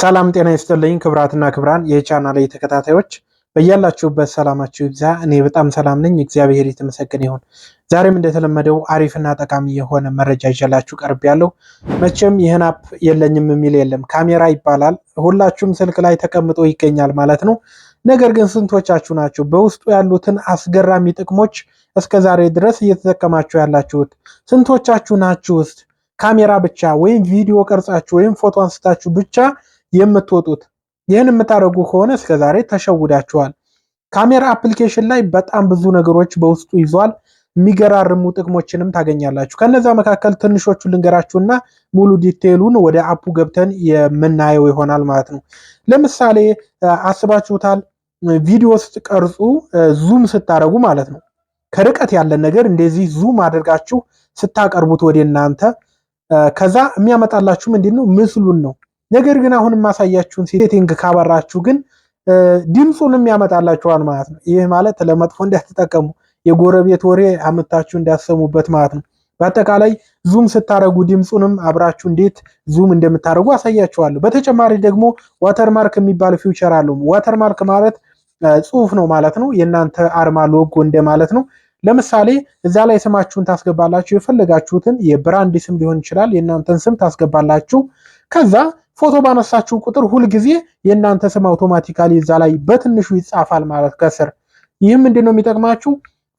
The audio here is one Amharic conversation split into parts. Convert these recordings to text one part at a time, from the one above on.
ሰላም ጤና ይስጥልኝ ክብራትና ክብራን የቻናል ተከታታዮች በያላችሁበት ሰላማችሁ ይብዛ። እኔ በጣም ሰላም ነኝ፣ እግዚአብሔር የተመሰገነ ይሁን። ዛሬም እንደተለመደው አሪፍና ጠቃሚ የሆነ መረጃ ይዤላችሁ ቀርብ ያለው መቼም ይህን አፕ የለኝም የሚል የለም። ካሜራ ይባላል ሁላችሁም ስልክ ላይ ተቀምጦ ይገኛል ማለት ነው። ነገር ግን ስንቶቻችሁ ናቸው በውስጡ ያሉትን አስገራሚ ጥቅሞች እስከ ዛሬ ድረስ እየተጠቀማችሁ ያላችሁት? ስንቶቻችሁ ናችሁ ውስጥ ካሜራ ብቻ ወይም ቪዲዮ ቀርጻችሁ ወይም ፎቶ አንስታችሁ ብቻ የምትወጡት። ይህን የምታደርጉ ከሆነ እስከዛሬ ተሸውዳችኋል። ካሜራ አፕሊኬሽን ላይ በጣም ብዙ ነገሮች በውስጡ ይዟል። የሚገራርሙ ጥቅሞችንም ታገኛላችሁ። ከነዛ መካከል ትንሾቹ ልንገራችሁና ሙሉ ዲቴሉን ወደ አፑ ገብተን የምናየው ይሆናል ማለት ነው። ለምሳሌ አስባችሁታል፣ ቪዲዮ ስትቀርጹ ዙም ስታደርጉ ማለት ነው ከርቀት ያለን ነገር እንደዚህ ዙም አድርጋችሁ ስታቀርቡት ወደ እናንተ ከዛ የሚያመጣላችሁ ምንድን ነው? ምስሉን ነው። ነገር ግን አሁን የማሳያችሁን ሴቲንግ ካበራችሁ ግን ድምፁንም ያመጣላችኋል ማለት ነው። ይህ ማለት ለመጥፎ እንዳትጠቀሙ የጎረቤት ወሬ አምታችሁ እንዳሰሙበት ማለት ነው። በአጠቃላይ ዙም ስታደረጉ ድምፁንም አብራችሁ እንዴት ዙም እንደምታደረጉ አሳያችኋለሁ። በተጨማሪ ደግሞ ዋተርማርክ የሚባል ፊውቸር አለው። ዋተርማርክ ማለት ጽሁፍ ነው ማለት ነው። የእናንተ አርማ ሎጎ እንደማለት ነው። ለምሳሌ እዛ ላይ ስማችሁን ታስገባላችሁ። የፈለጋችሁትን የብራንድ ስም ሊሆን ይችላል። የእናንተን ስም ታስገባላችሁ ከዛ ፎቶ ባነሳችሁ ቁጥር ሁልጊዜ የእናንተ ስም አውቶማቲካሊ እዛ ላይ በትንሹ ይጻፋል ማለት ከስር። ይህም ምንድን ነው የሚጠቅማችሁ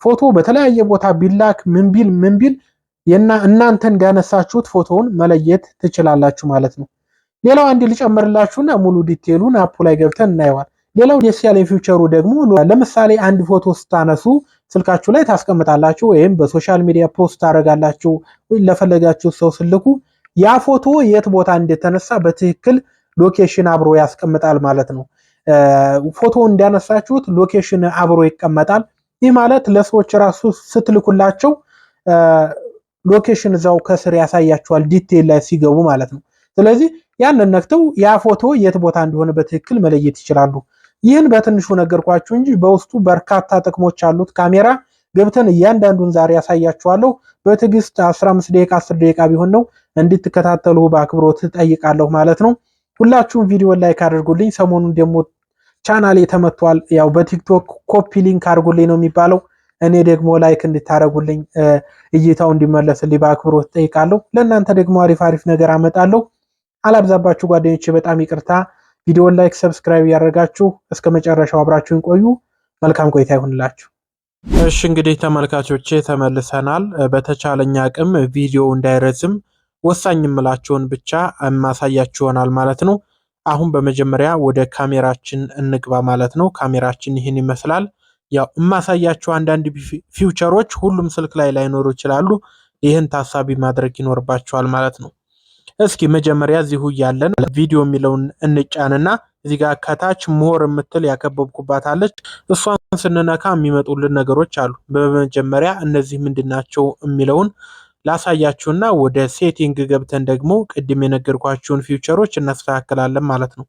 ፎቶ በተለያየ ቦታ ቢላክ ምን ቢል ምን ቢል እናንተን ያነሳችሁት ፎቶውን መለየት ትችላላችሁ ማለት ነው። ሌላው አንድ ልጨምርላችሁና ሙሉ ዲቴሉን አፑ ላይ ገብተን እናየዋል። ሌላው ደስ ያለ ፊውቸሩ ደግሞ ለምሳሌ አንድ ፎቶ ስታነሱ ስልካችሁ ላይ ታስቀምጣላችሁ፣ ወይም በሶሻል ሚዲያ ፖስት ታደርጋላችሁ፣ ለፈለጋችሁ ሰው ስልኩ ያ ፎቶ የት ቦታ እንደተነሳ በትክክል ሎኬሽን አብሮ ያስቀምጣል ማለት ነው። ፎቶ እንዳነሳችሁት ሎኬሽን አብሮ ይቀመጣል። ይህ ማለት ለሰዎች ራሱ ስትልኩላቸው ሎኬሽን እዛው ከስር ያሳያቸዋል ዲቴል ላይ ሲገቡ ማለት ነው። ስለዚህ ያንን ነክተው ያ ፎቶ የት ቦታ እንደሆነ በትክክል መለየት ይችላሉ። ይህን በትንሹ ነገርኳችሁ እንጂ በውስጡ በርካታ ጥቅሞች አሉት ካሜራ። ገብተን እያንዳንዱን ዛሬ ያሳያችኋለሁ። በትዕግስት 15 ደቂቃ 10 ደቂቃ ቢሆን ነው እንድትከታተሉ በአክብሮት ጠይቃለሁ ማለት ነው። ሁላችሁም ቪዲዮ ላይክ አድርጉልኝ። ሰሞኑን ደግሞ ቻናሌ ተመቷል። ያው በቲክቶክ ኮፒ ሊንክ አድርጉልኝ ነው የሚባለው። እኔ ደግሞ ላይክ እንድታደርጉልኝ እይታው እንዲመለስልኝ በአክብሮት ጠይቃለሁ። ለእናንተ ደግሞ አሪፍ አሪፍ ነገር አመጣለሁ። አላብዛባችሁ ጓደኞቼ፣ በጣም ይቅርታ። ቪዲዮ ላይክ፣ ሰብስክራይብ ያደረጋችሁ እስከ መጨረሻው አብራችሁን ቆዩ። መልካም ቆይታ ይሁንላችሁ። እሺ እንግዲህ ተመልካቾቼ ተመልሰናል። በተቻለኛ አቅም ቪዲዮ እንዳይረዝም ወሳኝ የምላቸውን ብቻ የማሳያችሁ ይሆናል ማለት ነው። አሁን በመጀመሪያ ወደ ካሜራችን እንግባ ማለት ነው። ካሜራችን ይህን ይመስላል። ያው የማሳያችሁ አንዳንድ ፊውቸሮች ሁሉም ስልክ ላይ ላይኖሩ ይችላሉ። ይህን ታሳቢ ማድረግ ይኖርባችኋል ማለት ነው። እስኪ መጀመሪያ እዚሁ እያለን ቪዲዮ የሚለውን እንጫንና እዚህ ጋር ከታች ሞር የምትል ያከበብኩባት አለች። እሷን ስንነካ የሚመጡልን ነገሮች አሉ። በመጀመሪያ እነዚህ ምንድናቸው የሚለውን ላሳያችሁና ወደ ሴቲንግ ገብተን ደግሞ ቅድም የነገርኳችሁን ፊውቸሮች እናስተካክላለን ማለት ነው።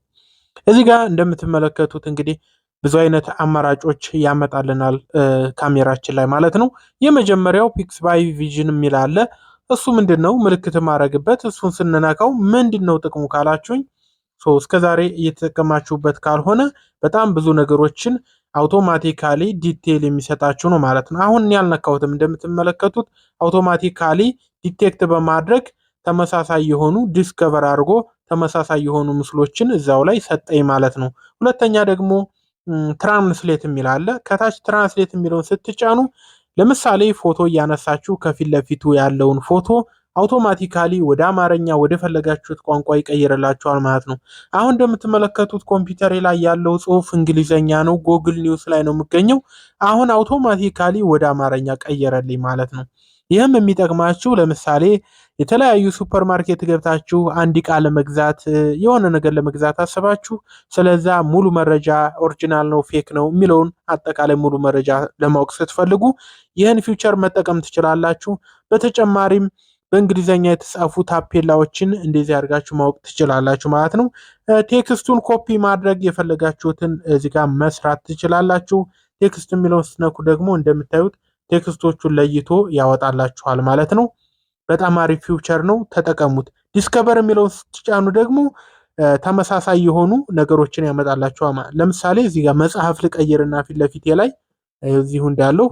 እዚህ ጋር እንደምትመለከቱት እንግዲህ ብዙ አይነት አማራጮች ያመጣልናል ካሜራችን ላይ ማለት ነው። የመጀመሪያው ፒክስ ባይ ቪዥን የሚል አለ። እሱ ምንድን ነው? ምልክት ማድረግበት። እሱን ስንነካው ምንድን ነው ጥቅሙ ካላችሁኝ እስከዛሬ እየተጠቀማችሁበት ካልሆነ በጣም ብዙ ነገሮችን አውቶማቲካሊ ዲቴል የሚሰጣችሁ ነው ማለት ነው። አሁን ያልነካሁትም እንደምትመለከቱት አውቶማቲካሊ ዲቴክት በማድረግ ተመሳሳይ የሆኑ ዲስከቨር አድርጎ ተመሳሳይ የሆኑ ምስሎችን እዛው ላይ ሰጠኝ ማለት ነው። ሁለተኛ ደግሞ ትራንስሌት የሚል አለ። ከታች ትራንስሌት የሚለውን ስትጫኑ ለምሳሌ ፎቶ እያነሳችሁ ከፊት ለፊቱ ያለውን ፎቶ አውቶማቲካሊ ወደ አማርኛ ወደ ፈለጋችሁት ቋንቋ ይቀይርላችኋል ማለት ነው። አሁን እንደምትመለከቱት ኮምፒውተሬ ላይ ያለው ጽሁፍ እንግሊዘኛ ነው። ጎግል ኒውስ ላይ ነው የምገኘው። አሁን አውቶማቲካሊ ወደ አማርኛ ቀየረልኝ ማለት ነው። ይህም የሚጠቅማችሁ ለምሳሌ የተለያዩ ሱፐር ማርኬት ገብታችሁ አንድ ዕቃ ለመግዛት የሆነ ነገር ለመግዛት አስባችሁ ስለዛ ሙሉ መረጃ ኦሪጂናል ነው ፌክ ነው የሚለውን አጠቃላይ ሙሉ መረጃ ለማወቅ ስትፈልጉ ይህን ፊውቸር መጠቀም ትችላላችሁ። በተጨማሪም በእንግሊዝኛ የተጻፉ ታፔላዎችን እንደዚህ አድርጋችሁ ማወቅ ትችላላችሁ ማለት ነው። ቴክስቱን ኮፒ ማድረግ የፈለጋችሁትን እዚህ ጋር መስራት ትችላላችሁ። ቴክስት የሚለውን ስትነኩ ደግሞ እንደምታዩት ቴክስቶቹን ለይቶ ያወጣላችኋል ማለት ነው። በጣም አሪፍ ፊውቸር ነው፣ ተጠቀሙት። ዲስከቨር የሚለውን ስትጫኑ ደግሞ ተመሳሳይ የሆኑ ነገሮችን ያመጣላችኋል። ለምሳሌ እዚህ ጋር መጽሐፍ ልቀይርና ፊት ለፊቴ ላይ እዚሁ እንዳለው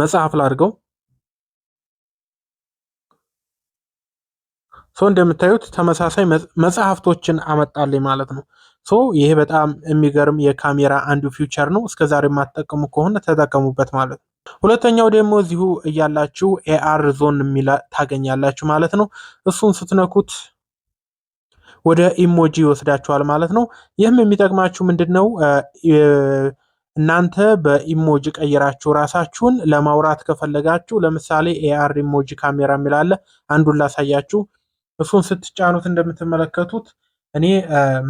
መጽሐፍ ላድርገው ሶ እንደምታዩት ተመሳሳይ መጽሐፍቶችን አመጣልኝ ማለት ነው። ሶ ይሄ በጣም የሚገርም የካሜራ አንዱ ፊውቸር ነው። እስከዛሬ የማትጠቀሙ ከሆነ ተጠቀሙበት ማለት ነው። ሁለተኛው ደግሞ እዚሁ እያላችሁ ኤአር ዞን የሚላ ታገኛላችሁ ማለት ነው። እሱን ስትነኩት ወደ ኢሞጂ ይወስዳችኋል ማለት ነው። ይህም የሚጠቅማችሁ ምንድን ነው? እናንተ በኢሞጂ ቀይራችሁ ራሳችሁን ለማውራት ከፈለጋችሁ፣ ለምሳሌ ኤአር ኢሞጂ ካሜራ የሚላለ አንዱን ላሳያችሁ። እሱን ስትጫኑት እንደምትመለከቱት እኔ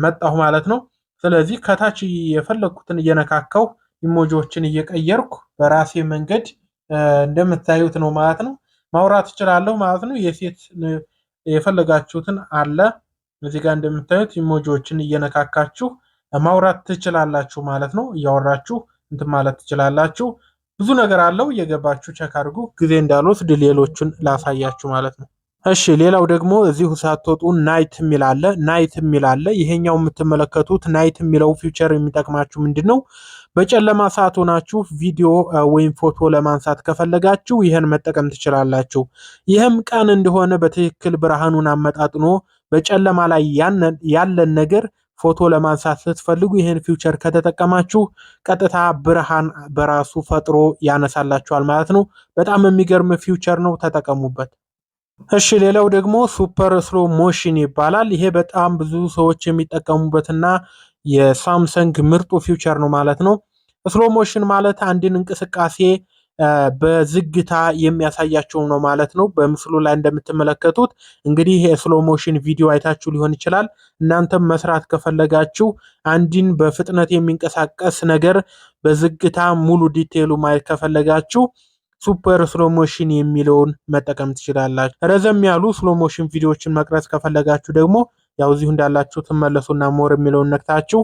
መጣሁ ማለት ነው። ስለዚህ ከታች የፈለግኩትን እየነካካው ኢሞጂዎችን እየቀየርኩ በራሴ መንገድ እንደምታዩት ነው ማለት ነው። ማውራት እችላለሁ ማለት ነው። የሴት የፈለጋችሁትን አለ እዚህ ጋር እንደምታዩት ኢሞጂዎችን እየነካካችሁ ማውራት ትችላላችሁ ማለት ነው። እያወራችሁ እንትን ማለት ትችላላችሁ። ብዙ ነገር አለው። እየገባችሁ ቸክ አድርጉ። ጊዜ እንዳልወስድ ሌሎቹን ላሳያችሁ ማለት ነው። እሺ ሌላው ደግሞ እዚሁ ሳትወጡ ናይት የሚል አለ። ናይት የሚል አለ። ይሄኛው የምትመለከቱት ናይት የሚለው ፊውቸር የሚጠቅማችሁ ምንድን ነው? በጨለማ ሰዓት ሆናችሁ ቪዲዮ ወይም ፎቶ ለማንሳት ከፈለጋችሁ ይህን መጠቀም ትችላላችሁ። ይህም ቀን እንደሆነ በትክክል ብርሃኑን አመጣጥኖ በጨለማ ላይ ያለን ነገር ፎቶ ለማንሳት ስትፈልጉ ይህን ፊውቸር ከተጠቀማችሁ ቀጥታ ብርሃን በራሱ ፈጥሮ ያነሳላችኋል ማለት ነው። በጣም የሚገርም ፊውቸር ነው፣ ተጠቀሙበት። እሺ ሌላው ደግሞ ሱፐር ስሎ ሞሽን ይባላል። ይሄ በጣም ብዙ ሰዎች የሚጠቀሙበትና የሳምሰንግ ምርጡ ፊውቸር ነው ማለት ነው። ስሎ ሞሽን ማለት አንድን እንቅስቃሴ በዝግታ የሚያሳያቸው ነው ማለት ነው። በምስሉ ላይ እንደምትመለከቱት እንግዲህ የስሎ ሞሽን ቪዲዮ አይታችሁ ሊሆን ይችላል። እናንተም መስራት ከፈለጋችሁ አንድን በፍጥነት የሚንቀሳቀስ ነገር በዝግታ ሙሉ ዲቴሉ ማየት ከፈለጋችሁ ሱፐር ስሎሞሽን የሚለውን መጠቀም ትችላላችሁ። ረዘም ያሉ ስሎሞሽን ቪዲዮዎችን መቅረጽ ከፈለጋችሁ ደግሞ ያው እዚሁ እንዳላችሁ ትመለሱና ሞር የሚለውን ነክታችሁ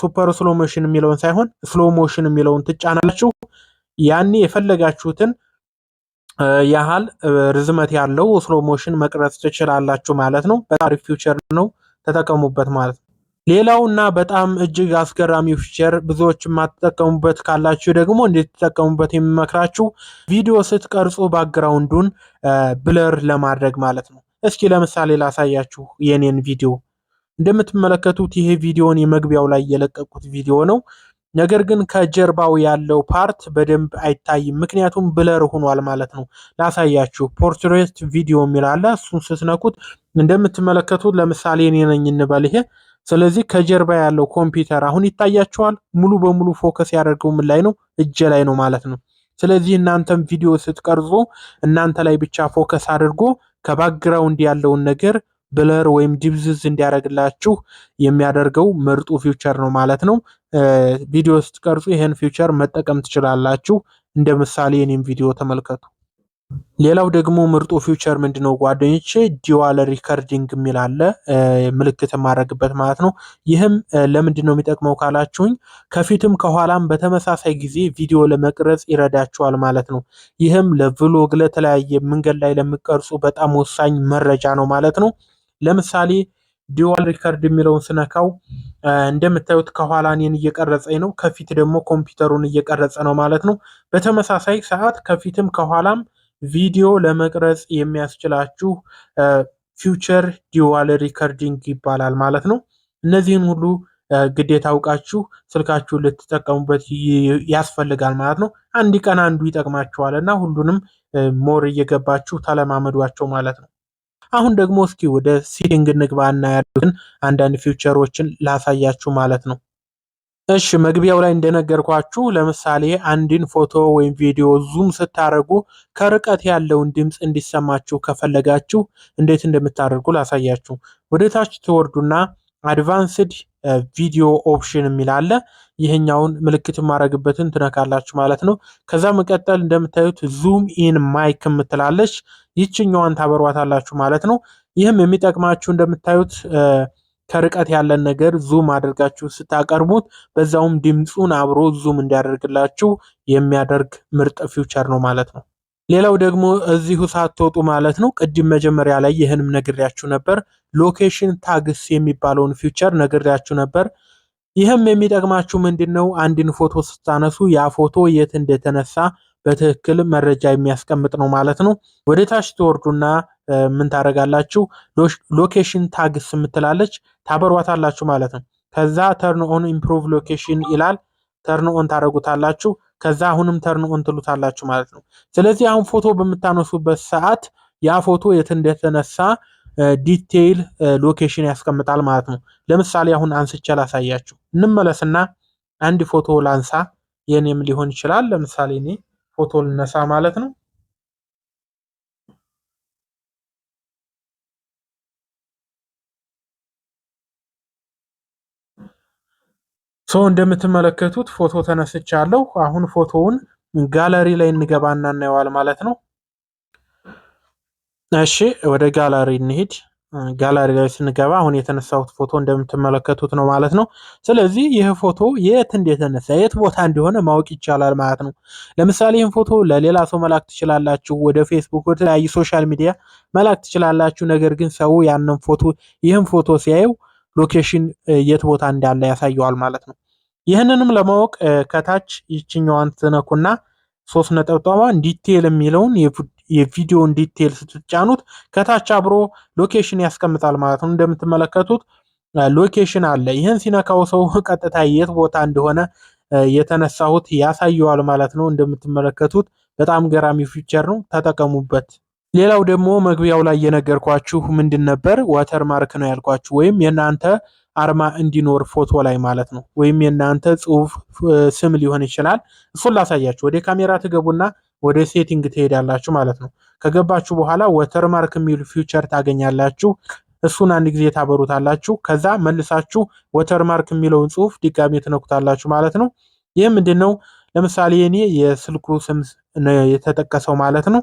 ሱፐር ስሎሞሽን የሚለውን ሳይሆን ስሎሞሽን የሚለውን ትጫናላችሁ። ያኔ የፈለጋችሁትን ያህል ርዝመት ያለው ስሎሞሽን መቅረጽ ትችላላችሁ ማለት ነው። በጣም አሪፍ ፊውቸር ነው፣ ተጠቀሙበት ማለት ነው። ሌላውና በጣም እጅግ አስገራሚው ፊቸር ብዙዎች የማትጠቀሙበት ካላችሁ ደግሞ እንድትጠቀሙበት የሚመክራችሁ ቪዲዮ ስትቀርጹ ባክግራውንዱን ብለር ለማድረግ ማለት ነው። እስኪ ለምሳሌ ላሳያችሁ የኔን ቪዲዮ። እንደምትመለከቱት ይሄ ቪዲዮን የመግቢያው ላይ የለቀቁት ቪዲዮ ነው። ነገር ግን ከጀርባው ያለው ፓርት በደንብ አይታይም፣ ምክንያቱም ብለር ሆኗል ማለት ነው። ላሳያችሁ ፖርትሬት ቪዲዮ የሚላለ እሱን ስትነኩት እንደምትመለከቱት ለምሳሌ እኔ ነኝ እንበል ይሄ ስለዚህ ከጀርባ ያለው ኮምፒውተር አሁን ይታያችኋል። ሙሉ በሙሉ ፎከስ ያደርገው ምን ላይ ነው? እጄ ላይ ነው ማለት ነው። ስለዚህ እናንተም ቪዲዮ ስትቀርጹ እናንተ ላይ ብቻ ፎከስ አድርጎ ከባክግራውንድ ያለውን ነገር ብለር ወይም ዲብዝዝ እንዲያደርግላችሁ የሚያደርገው ምርጡ ፊውቸር ነው ማለት ነው። ቪዲዮ ስትቀርጹ ይህን ፊውቸር መጠቀም ትችላላችሁ። እንደ ምሳሌ የኔም ቪዲዮ ተመልከቱ። ሌላው ደግሞ ምርጡ ፊውቸር ምንድነው? ጓደኞች? ዲዋል ሪከርዲንግ የሚል አለ ምልክት የማድረግበት ማለት ነው። ይህም ለምንድነው የሚጠቅመው ካላችሁኝ ከፊትም ከኋላም በተመሳሳይ ጊዜ ቪዲዮ ለመቅረጽ ይረዳችኋል ማለት ነው። ይህም ለቭሎግ ለተለያየ መንገድ ላይ ለሚቀርጹ በጣም ወሳኝ መረጃ ነው ማለት ነው። ለምሳሌ ዲዋል ሪከርድ የሚለውን ስነካው እንደምታዩት ከኋላ እኔን እየቀረጸኝ ነው ከፊት ደግሞ ኮምፒውተሩን እየቀረጸ ነው ማለት ነው። በተመሳሳይ ሰዓት ከፊትም ከኋላም ቪዲዮ ለመቅረጽ የሚያስችላችሁ ፊውቸር ዲዋል ሪከርዲንግ ይባላል ማለት ነው። እነዚህን ሁሉ ግዴታ አውቃችሁ ስልካችሁን ልትጠቀሙበት ያስፈልጋል ማለት ነው። አንድ ቀን አንዱ ይጠቅማችኋል እና ሁሉንም ሞር እየገባችሁ ተለማመዷቸው ማለት ነው። አሁን ደግሞ እስኪ ወደ ሴቲንግ ንግባ እና ያሉትን አንዳንድ ፊውቸሮችን ላሳያችሁ ማለት ነው። እሺ መግቢያው ላይ እንደነገርኳችሁ ለምሳሌ አንድን ፎቶ ወይም ቪዲዮ ዙም ስታደርጉ ከርቀት ያለውን ድምፅ እንዲሰማችሁ ከፈለጋችሁ እንዴት እንደምታደርጉ ላሳያችሁ። ወደ ታች ትወርዱና አድቫንስድ ቪዲዮ ኦፕሽን የሚል አለ። ይህኛውን ምልክት የማድረግበትን ትነካላችሁ ማለት ነው። ከዛ መቀጠል እንደምታዩት ዙም ኢን ማይክ የምትላለች ይችኛዋን ታበሯታላችሁ ማለት ነው። ይህም የሚጠቅማችሁ እንደምታዩት ከርቀት ያለን ነገር ዙም አድርጋችሁ ስታቀርቡት በዛውም ድምፁን አብሮ ዙም እንዲያደርግላችሁ የሚያደርግ ምርጥ ፊውቸር ነው ማለት ነው። ሌላው ደግሞ እዚሁ ሳትወጡ ማለት ነው ቅድም መጀመሪያ ላይ ይህንም ነግሬያችሁ ነበር። ሎኬሽን ታግስ የሚባለውን ፊውቸር ነግሬያችሁ ነበር። ይህም የሚጠቅማችሁ ምንድን ነው? አንድን ፎቶ ስታነሱ ያ ፎቶ የት እንደተነሳ በትክክል መረጃ የሚያስቀምጥ ነው ማለት ነው። ወደ ታች ትወርዱና ምን ታደርጋላችሁ? ሎኬሽን ታግስ የምትላለች ታበሯታላችሁ ማለት ነው። ከዛ ተርን ኦን ኢምፕሩቭ ሎኬሽን ይላል። ተርን ኦን ታደርጉታላችሁ። ከዛ አሁንም ተርን ኦን ትሉታላችሁ ማለት ነው። ስለዚህ አሁን ፎቶ በምታነሱበት ሰዓት ያ ፎቶ የት እንደተነሳ ዲቴይል ሎኬሽን ያስቀምጣል ማለት ነው። ለምሳሌ አሁን አንስቼ ላሳያችሁ። እንመለስና አንድ ፎቶ ላንሳ። የኔም ሊሆን ይችላል። ለምሳሌ እኔ ፎቶ ልነሳ ማለት ነው። ሶ እንደምትመለከቱት ፎቶ ተነስቻለሁ። አሁን ፎቶውን ጋለሪ ላይ እንገባና እናየዋል ማለት ነው። እሺ ወደ ጋለሪ እንሂድ። ጋለሪ ላይ ስንገባ አሁን የተነሳሁት ፎቶ እንደምትመለከቱት ነው ማለት ነው። ስለዚህ ይህ ፎቶ የት እንደተነሳ የት ቦታ እንደሆነ ማወቅ ይቻላል ማለት ነው። ለምሳሌ ይህን ፎቶ ለሌላ ሰው መላክ ትችላላችሁ፣ ወደ ፌስቡክ፣ ወደ ተለያዩ ሶሻል ሚዲያ መላክ ትችላላችሁ። ነገር ግን ሰው ያንን ፎቶ ይህን ፎቶ ሲያየው ሎኬሽን የት ቦታ እንዳለ ያሳየዋል ማለት ነው። ይህንንም ለማወቅ ከታች ይችኛዋን ትነኩና ሶስት ነጠብጣቧን ዲቴል የሚለውን የቪዲዮን ዲቴል ስትጫኑት ከታች አብሮ ሎኬሽን ያስቀምጣል ማለት ነው። እንደምትመለከቱት ሎኬሽን አለ። ይህን ሲነካው ሰው ቀጥታ የት ቦታ እንደሆነ የተነሳሁት ያሳየዋል ማለት ነው። እንደምትመለከቱት በጣም ገራሚ ፊቸር ነው። ተጠቀሙበት። ሌላው ደግሞ መግቢያው ላይ የነገርኳችሁ ምንድን ነበር? ዋተር ማርክ ነው ያልኳችሁ፣ ወይም የእናንተ አርማ እንዲኖር ፎቶ ላይ ማለት ነው። ወይም የእናንተ ጽሁፍ ስም ሊሆን ይችላል። እሱን ላሳያችሁ። ወደ ካሜራ ትገቡና ወደ ሴቲንግ ትሄዳላችሁ ማለት ነው። ከገባችሁ በኋላ ዋተር ማርክ የሚል ፊውቸር ታገኛላችሁ። እሱን አንድ ጊዜ ታበሩታላችሁ። ከዛ መልሳችሁ ዋተር ማርክ የሚለውን ጽሁፍ ድጋሜ ትነኩታላችሁ ማለት ነው። ይህ ምንድን ነው? ለምሳሌ እኔ የስልኩ ስም የተጠቀሰው ማለት ነው።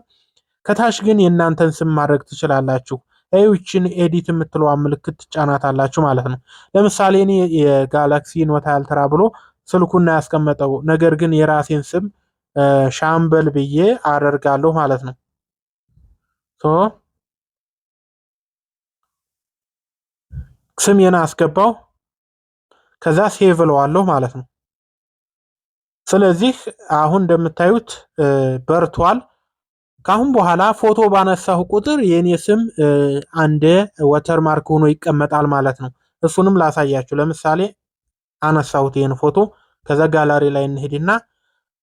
ከታች ግን የእናንተን ስም ማድረግ ትችላላችሁ። ይህችን ኤዲት የምትለዋ ምልክት ትጫናታላችሁ ማለት ነው። ለምሳሌ እኔ የጋላክሲ ኖት አልትራ ብሎ ስልኩና ያስቀመጠው ነገር ግን የራሴን ስም ሻምበል ብዬ አደርጋለሁ ማለት ነው። ስሜን አስገባው ከዛ ሴቭ እለዋለሁ ማለት ነው። ስለዚህ አሁን እንደምታዩት በርቷል። ከአሁን በኋላ ፎቶ ባነሳሁ ቁጥር የእኔ ስም አንድ ወተርማርክ ሆኖ ይቀመጣል ማለት ነው። እሱንም ላሳያችሁ። ለምሳሌ አነሳሁት ይህን ፎቶ። ከዛ ጋላሪ ላይ እንሄድና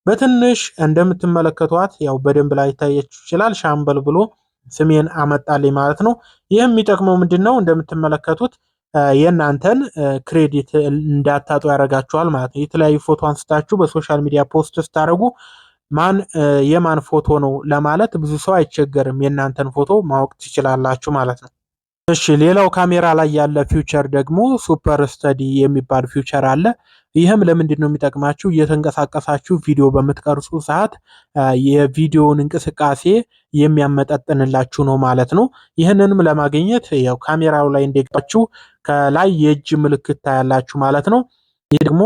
በትንሽ እንደምትመለከቷት ያው በደንብ ላይ ይታያችሁ ይችላል። ሻምበል ብሎ ስሜን አመጣልኝ ማለት ነው። ይህም የሚጠቅመው ምንድን ነው? እንደምትመለከቱት የእናንተን ክሬዲት እንዳታጡ ያደርጋችኋል ማለት ነው። የተለያዩ ፎቶ አንስታችሁ በሶሻል ሚዲያ ፖስት ስታደርጉ ማን የማን ፎቶ ነው ለማለት ብዙ ሰው አይቸገርም። የእናንተን ፎቶ ማወቅ ትችላላችሁ ማለት ነው። እሺ ሌላው ካሜራ ላይ ያለ ፊውቸር ደግሞ ሱፐር ስተዲ የሚባል ፊውቸር አለ። ይህም ለምንድን ነው የሚጠቅማችሁ? እየተንቀሳቀሳችሁ ቪዲዮ በምትቀርጹ ሰዓት የቪዲዮውን እንቅስቃሴ የሚያመጣጥንላችሁ ነው ማለት ነው። ይህንንም ለማግኘት ያው ካሜራው ላይ እንደገባችሁ ከላይ የእጅ ምልክት ታያላችሁ ማለት ነው። ይህ ደግሞ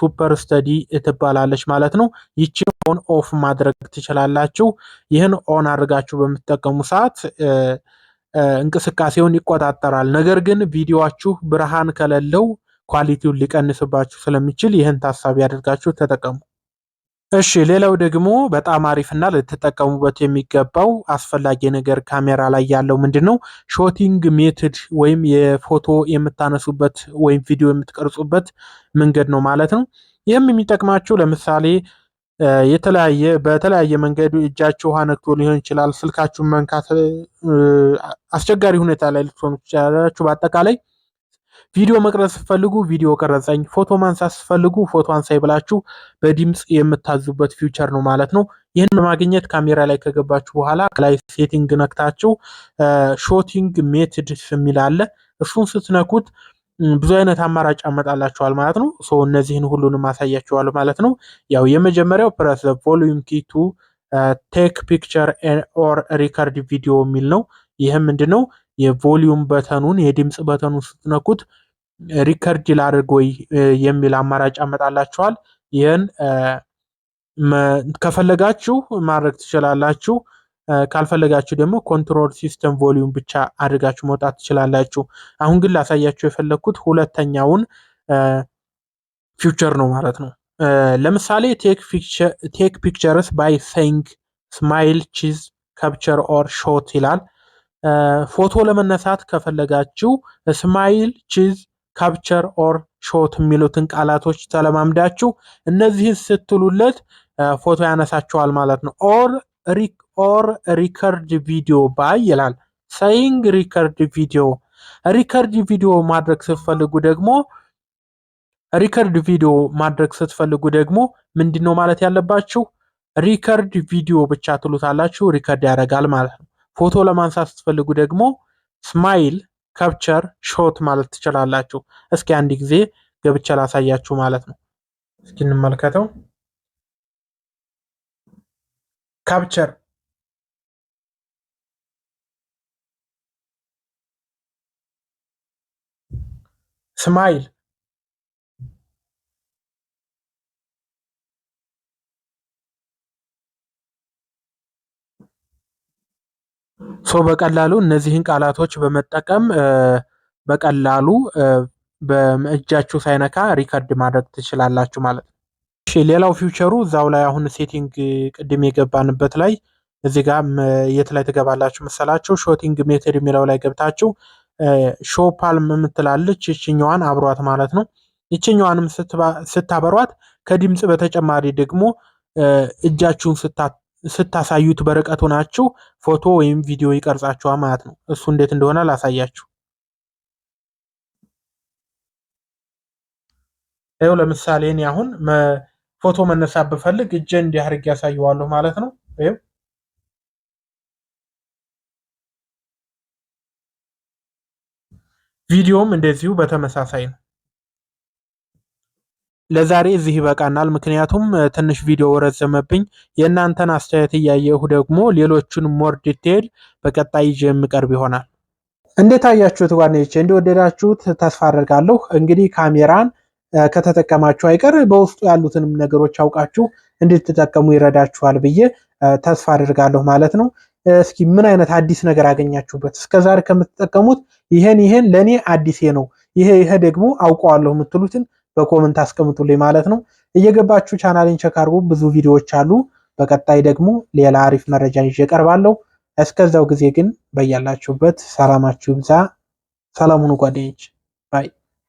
ሱፐር ስተዲ ትባላለች ማለት ነው። ይቺ ኦን ኦፍ ማድረግ ትችላላችሁ። ይህን ኦን አድርጋችሁ በምትጠቀሙ ሰዓት እንቅስቃሴውን ይቆጣጠራል። ነገር ግን ቪዲዮችሁ ብርሃን ከሌለው ኳሊቲውን ሊቀንስባችሁ ስለሚችል ይህን ታሳቢ አድርጋችሁ ተጠቀሙ። እሺ፣ ሌላው ደግሞ በጣም አሪፍና ልትጠቀሙበት የሚገባው አስፈላጊ ነገር ካሜራ ላይ ያለው ምንድን ነው? ሾቲንግ ሜትድ ወይም የፎቶ የምታነሱበት ወይም ቪዲዮ የምትቀርጹበት መንገድ ነው ማለት ነው። ይህም የሚጠቅማችሁ ለምሳሌ የተለያየ በተለያየ መንገድ እጃችሁ ውሃ ነክቶ ሊሆን ይችላል። ስልካችሁን መንካት አስቸጋሪ ሁኔታ ላይ ልትሆኑ ትችላላችሁ። በአጠቃላይ ቪዲዮ መቅረጽ ስትፈልጉ ቪዲዮ ቀረጸኝ፣ ፎቶ ማንሳት ስትፈልጉ ፎቶ አንሳይ ብላችሁ በድምፅ የምታዙበት ፊውቸር ነው ማለት ነው። ይህን በማግኘት ካሜራ ላይ ከገባችሁ በኋላ ከላይ ሴቲንግ ነክታችሁ ሾቲንግ ሜትድ የሚል አለ። እሱን ስትነኩት ብዙ አይነት አማራጭ ያመጣላችኋል ማለት ነው። ሶ እነዚህን ሁሉንም ማሳያቸዋል ማለት ነው። ያው የመጀመሪያው ፕረስ ቮሊዩም ቱ ቴክ ፒክቸር ኦር ሪከርድ ቪዲዮ የሚል ነው። ይህም ምንድን ነው የቮሊዩም በተኑን የድምፅ በተኑን ስትነኩት ሪከርድ ላድርግ ወይ የሚል አማራጭ ያመጣላችኋል። ይህን ከፈለጋችሁ ማድረግ ትችላላችሁ። ካልፈለጋችሁ ደግሞ ኮንትሮል ሲስተም ቮሊዩም ብቻ አድርጋችሁ መውጣት ትችላላችሁ። አሁን ግን ላሳያችሁ የፈለግኩት ሁለተኛውን ፊውቸር ነው ማለት ነው። ለምሳሌ ቴክ ፒክቸርስ ባይ ሴንግ ስማይል ቺዝ ካፕቸር ኦር ሾት ይላል። ፎቶ ለመነሳት ከፈለጋችሁ ስማይል ቺዝ ካፕቸር ኦር ሾት የሚሉትን ቃላቶች ተለማምዳችሁ እነዚህን ስትሉለት ፎቶ ያነሳችኋል ማለት ነው። ኦር ሪክ ኦር ሪከርድ ቪዲዮ ባይ ይላል። ሳይንግ ሪከርድ ቪዲዮ ሪከርድ ቪዲዮ ማድረግ ስትፈልጉ ደግሞ ሪከርድ ቪዲዮ ማድረግ ስትፈልጉ ደግሞ ምንድን ነው ማለት ያለባችሁ? ሪከርድ ቪዲዮ ብቻ ትሉታላችሁ። ሪከርድ ያደርጋል ማለት ነው። ፎቶ ለማንሳት ስትፈልጉ ደግሞ ስማይል ካፕቸር ሾት ማለት ትችላላችሁ። እስኪ አንድ ጊዜ ገብቼ ላሳያችሁ ማለት ነው። እስኪ እንመልከተው ካፕቸር ስማይል ሶ በቀላሉ እነዚህን ቃላቶች በመጠቀም በቀላሉ በእጃችሁ ሳይነካ ሪከርድ ማድረግ ትችላላችሁ ማለት ነው። እሺ ሌላው ፊውቸሩ እዛው ላይ አሁን ሴቲንግ ቅድም የገባንበት ላይ እዚህ ጋር የት ላይ ትገባላችሁ መሰላችሁ? ሾቲንግ ሜተድ የሚለው ላይ ገብታችሁ ሾፓልም የምትላለች ይችኛዋን አብሯት ማለት ነው። ይችኛዋንም ስታበሯት ከድምፅ በተጨማሪ ደግሞ እጃችሁን ስታሳዩት በርቀቱ ናችሁ ፎቶ ወይም ቪዲዮ ይቀርጻችኋል ማለት ነው። እሱ እንዴት እንደሆነ ላሳያችሁ። ይኸው ለምሳሌ እኔ አሁን ፎቶ መነሳት ብፈልግ እጄ እንዲህ አድርጌ ያሳየዋለሁ ማለት ነው። ቪዲዮም እንደዚሁ በተመሳሳይ ነው። ለዛሬ እዚህ ይበቃናል። ምክንያቱም ትንሽ ቪዲዮ ረዘመብኝ። የእናንተን አስተያየት እያየሁ ደግሞ ሌሎቹን ሞር ዲቴል በቀጣይ ይዤ የምቀርብ ይሆናል። እንዴት አያችሁት ጓደኞቼ? እንደወደዳችሁት ተስፋ አድርጋለሁ። እንግዲህ ካሜራን ከተጠቀማችሁ አይቀር በውስጡ ያሉትንም ነገሮች አውቃችሁ እንድትጠቀሙ ይረዳችኋል ብዬ ተስፋ አድርጋለሁ ማለት ነው። እስኪ ምን አይነት አዲስ ነገር አገኛችሁበት? እስከዛሬ ከምትጠቀሙት ይሄን ይሄን ለኔ አዲሴ ነው፣ ይሄ ይሄ ደግሞ አውቀዋለሁ የምትሉትን በኮመንት አስቀምጡልኝ ማለት ነው። እየገባችሁ ቻናሌን ቸክ አድርጉ፣ ብዙ ቪዲዮዎች አሉ። በቀጣይ ደግሞ ሌላ አሪፍ መረጃ ይዤ ቀርባለሁ። እስከዛው ጊዜ ግን በያላችሁበት ሰላማችሁ ይብዛ። ሰላም ጓደኞች።